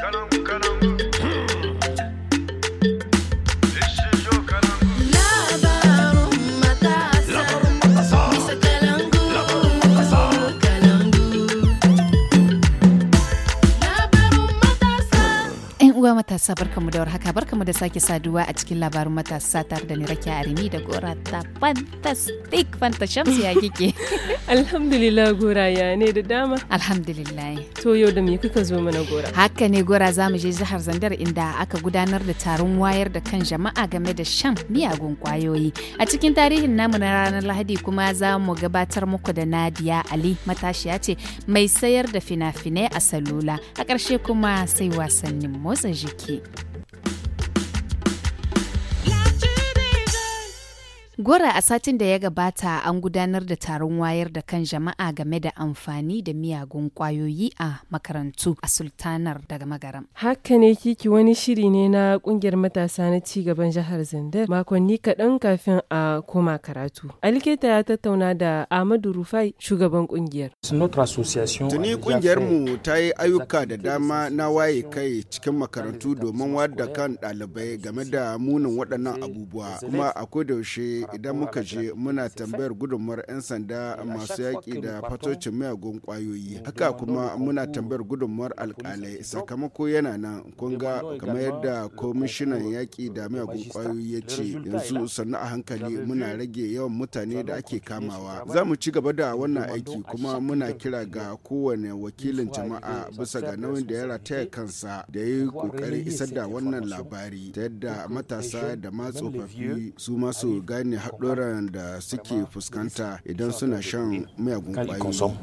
Caramba, caramba. matasa barkamu da warhaka barkamu da sake saduwa a cikin labarin matasa tare da ni Rakiya Arimi da Gora ta fantastic fanta shamsu ya kike. Alhamdulillah Gora ya ne da dama. Alhamdulillah. To yau da me kuka zo mana Gora? Haka ne Gora za mu je jihar Zandar inda aka gudanar da taron wayar da kan jama'a game da shan miyagun kwayoyi. A cikin tarihin namu na ranar Lahadi kuma za mu gabatar muku da Nadia Ali matashiya ce mai sayar da fina-finai a salula. A ƙarshe kuma sai wasannin motsa jiki. Mickey. Gora a satin da ya gabata an gudanar da taron wayar da kan jama'a game da amfani da miyagun kwayoyi a makarantu a sultanar daga magaram. Haka ne kiki wani shiri ne na kungiyar matasa na ci gaban jihar Zandar makonni kaɗan kafin a koma karatu. Aliketa ya tattauna da Ahmadu Rufai shugaban kungiyar. Tuni kungiyar mu ta yi ayyuka da dama na waye kai cikin makarantu domin wayar da kan ɗalibai game da munin waɗannan abubuwa kuma a kodayaushe idan muka je muna tambayar gudunmuwar 'yan sanda masu yaƙi da fatocin miyagun ƙwayoyi haka kuma muna tambayar gudunmuwar alƙalai sakamako yana nan kun ga kamar yadda komishinan yaƙi da miyagun ƙwayoyi ya ce yanzu sannu a hankali muna rage yawan mutane da ake kamawa za mu ci gaba da wannan aiki kuma muna kira ga kowane wakilin jama'a bisa ga nauyin da ya rataya kansa da ya yi ƙoƙarin isar da wannan labari ta yadda matasa da ma tsofaffi su masu gane haɗuran da suke fuskanta idan suna shan miyagun ƙwayoyi.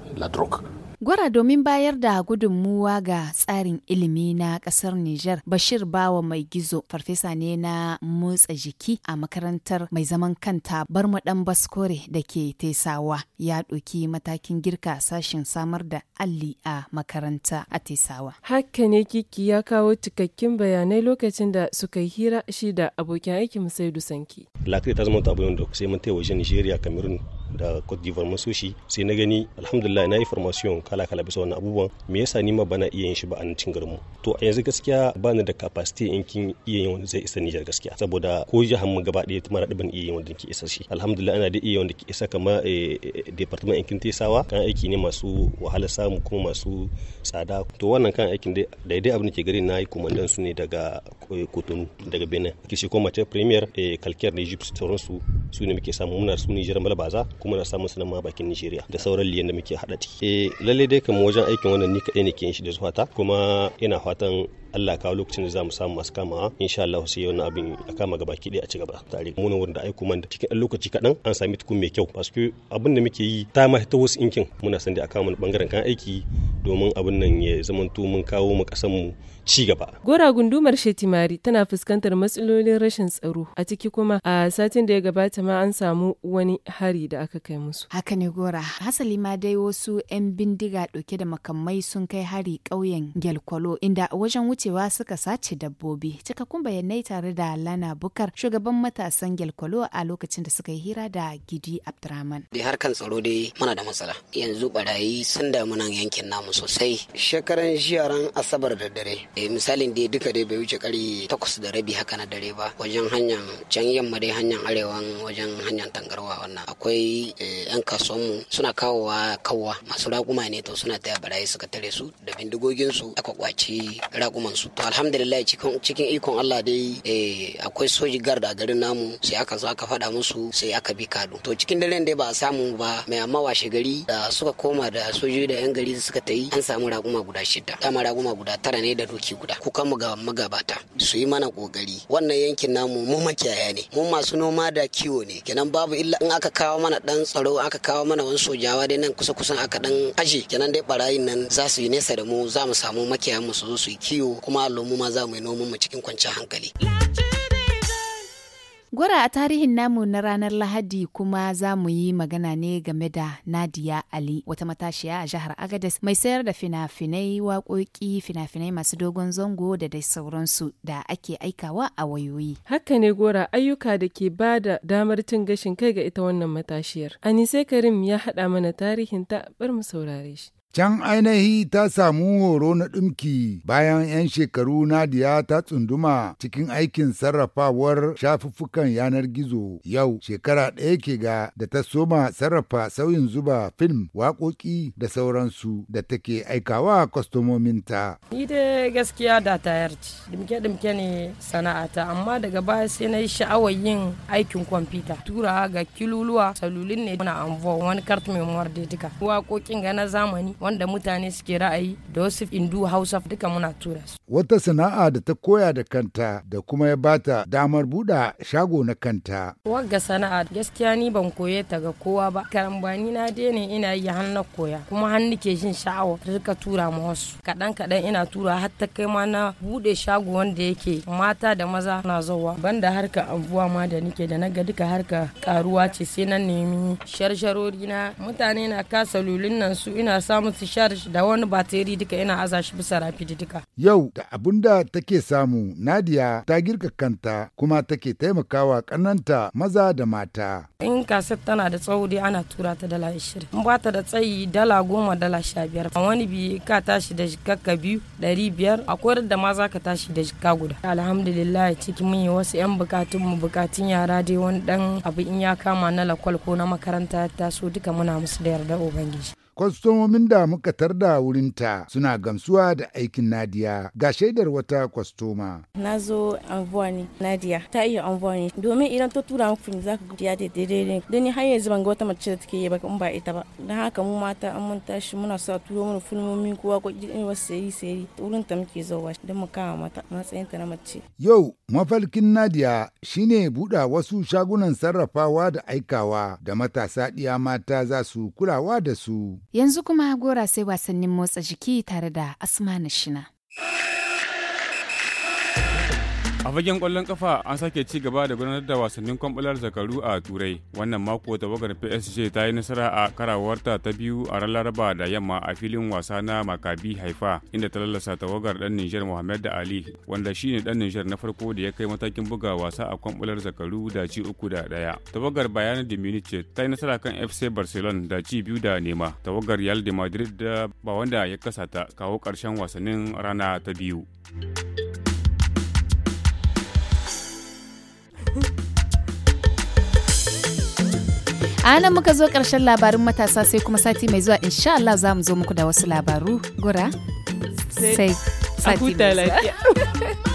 Gwara domin bayar da gudunmuwa ga tsarin ilimi na ƙasar Nijar, Bashir Bawa Mai Gizo, farfesa ne na motsa jiki a makarantar mai zaman kanta Barmaɗan Baskore da ke Tesawa, ya doki matakin girka sashen samar da alli a makaranta a Tesawa. Haka ne kiki ya kawo cikakkin bayanai lokacin da suka yi hira shi da abokin aikin Saidu Sanki. Lafiya ta zama abu yadda sai mun Nijeriya, Cameroon, da Côte d'Ivoire mun so shi sai na gani alhamdulillah na yi formation kala kala bisa wannan abubuwan me yasa ni ma bana iya yin shi ba a nan cikin garin mu to a yanzu gaskiya bani da capacity in kin iya yin wanda zai isa Niger gaskiya saboda ko jihar mu gaba ɗaya mara ban iya yin wanda ke isa shi alhamdulillah ana da iya wanda ke isa kama eh, eh, department in kin tesawa kan aiki ne masu wahala samu kuma masu tsada to wannan kan aikin daidai abin da ke gari na yi kumandan su ne daga kotonu eh, daga benin kishi kuma mace premier kalkiyar da egypt sauransu su ne muke samu muna su nijar malbaza kuma na samun ma bakin Nigeria da sauran liyan da muke hada ciki eh lalle dai kamar wajen aikin wannan ni kadai nake yin shi da zuwata kuma ina fatan Allah kawo lokacin da zamu samu masu kamawa insha Allah sai wannan abin a kama gaba ki a ci gaba tare mu wurin da aiko man da cikin dan lokaci kaɗan an sami tukun mai kyau que abin da muke yi ta ma ta wasu inkin muna san da a kama bangaren kan aiki domin abin nan ya zamanto mun kawo mu kasan mu ci gaba. Gora gundumar Shetimari tana fuskantar matsalolin rashin tsaro a ciki kuma a satin da ya gabata ma an samu wani hari da aka kai musu. Haka ne Gora, hasali ma dai wasu 'yan bindiga ɗauke da makamai sun kai hari ƙauyen Gyalkwalo inda wajen wucewa suka sace dabbobi. Cikakkun bayanai tare da Lana Bukar shugaban matasan Gyalkwalo a lokacin da suka yi hira da Gidi Abdurrahman. Da harkan tsaro dai muna da matsala. Yanzu barayi sun damu nan yankin namu sosai. Shekaran jiya ran Asabar da dare Eh, misalin da duka dai bai wuce kari takwas da rabi haka na dare ba wajen hanyar can yamma dai hanyar arewan wajen hanyar tangarwa wannan akwai yan eh, mu suna kawowa kawwa masu raguma ne to suna taya barayi suka tare su da bindigogin su aka kwaci raguman su to alhamdulillah cikin ikon Allah dai eh, akwai soji guard a garin namu sai aka zo aka faɗa musu sai aka bi kado to cikin daren dai ba a samu ba mai amma washe gari da suka koma da sojoji da yan gari suka ta yi an samu raguma guda shida dama raguma guda tara ne da doki yanki guda ku ga magabata su yi mana kokari wannan yankin namu mu makiyaya ne mu masu noma da kiwo ne kenan babu illa in aka kawo mana dan tsaro aka kawo mana wani sojawa dai nan kusa kusan aka dan aje kenan dai barayin nan za su yi nesa da mu za mu samu makiyayan mu su zo su yi kiwo kuma mu ma za mu yi noman mu cikin kwanciyar hankali. Gora a tarihin namu na ranar Lahadi kuma za mu yi magana ne game da Nadia Ali wata matashiya a jihar Agadez mai sayar da fina-finai waƙoƙi fina-finai masu dogon zango da dai sauransu da ake aikawa a wayoyi. Haka ne Gora ayyuka da ke ba da damar cin gashin kai ga ita wannan matashiyar. Anise Karim ya haɗa mana tarihin ta bar mu saurare shi. Can ainihi ta samu horo na ɗumki bayan 'yan shekaru nadia ta tsunduma cikin aikin sarrafawar shafuffukan yanar gizo yau shekara ɗaya ke ga da ta soma sarrafa sauyin zuba film waƙoƙi da sauransu da take aikawa kwastomominta. Ni da gaskiya da tayar ci, ɗimke-ɗimke ne sana'ata amma daga baya sai na yi sha'awar yin aikin kwamfuta. Tura ga kiluluwa salulin ne muna anvo wani kart memoir da duka. Waƙoƙin ga na zamani wanda mutane suke ra'ayi da wasu indu hausa duka muna tura su wata sana'a da ta koya da kanta da kuma ya bata damar buɗa shago na kanta. Wagga sana'a gaskiya ni ban koye ta ga kowa ba. Karambani na daina ina yi hanna koya kuma hannu ke jin sha'awa rika tura ma wasu. Kaɗan kaɗan ina tura har ta kai ma na buɗe shago wanda yake mata da maza na zawa. Banda harka abuwa ma da nike da na ga duka harka karuwa ce sai na nemi sharsharori na mutane na kasa lulun nan su ina samun su da wani bateri duka ina aza shi bisa rafi duka. Yau da abun da take samu Nadia ta girka kanta kuma take taimakawa kananta maza da mata. In kaset tana da tsawo ana tura ta dala ashirin. In bata da tsayi dala goma dala 15 Wani bi ka tashi da jikakka biyu dari biyar akwai da ma za ka tashi da jikka guda. Alhamdulillah ciki mun yi wasu 'yan bukatun mu bukatun yara dai wani dan abu in ya kama na lakwal ko na makaranta ta so duka muna musu da yarda Ubangiji. kwastomomin da muka tarda wurinta suna gamsuwa da aikin Nadiya ga shaidar wata kwastoma. Na zo anvuwa Nadiya ta iya anvuwa domin idan ta tura muku za zaka gudiya da daidai ne don ni har yanzu ga wata mace da take yi ba in ba ita ba don haka mu mata an mun tashi muna sa turo mana filmomi kowa ko irin wasu sayi sayi wurin ta muke zuwa don mu kama mata matsayinta na mace. Yau mafalkin Nadiya shine buɗa wasu shagunan sarrafawa da aikawa da matasa ɗiya mata za su kulawa da su. Yanzu kuma gora sai wasannin motsa jiki tare da Asma na A fagen kwallon kafa an sake ci gaba da gudanar da wasannin kwambular zakaru a Turai. Wannan mako tawagar PSG ta yi nasara a karawarta ta biyu a ran da yamma a filin wasa na Makabi Haifa inda ta lallasa tawagar dan Nijar Mohamed Ali wanda shine dan Nijar na farko da ya kai matakin buga wasa a kwambular zakaru da ci uku da daya. Tawagar Bayern de Munich ta yi nasara kan FC Barcelona da ci biyu da nema. Tawagar Real de Madrid da ba wanda ya kasa ta kawo ƙarshen wasannin rana ta biyu. A nan muka zo ƙarshen labarin matasa sai kuma sati mai zuwa insha Allah za mu zo muku da wasu labaru gura sai sati mai zuwa.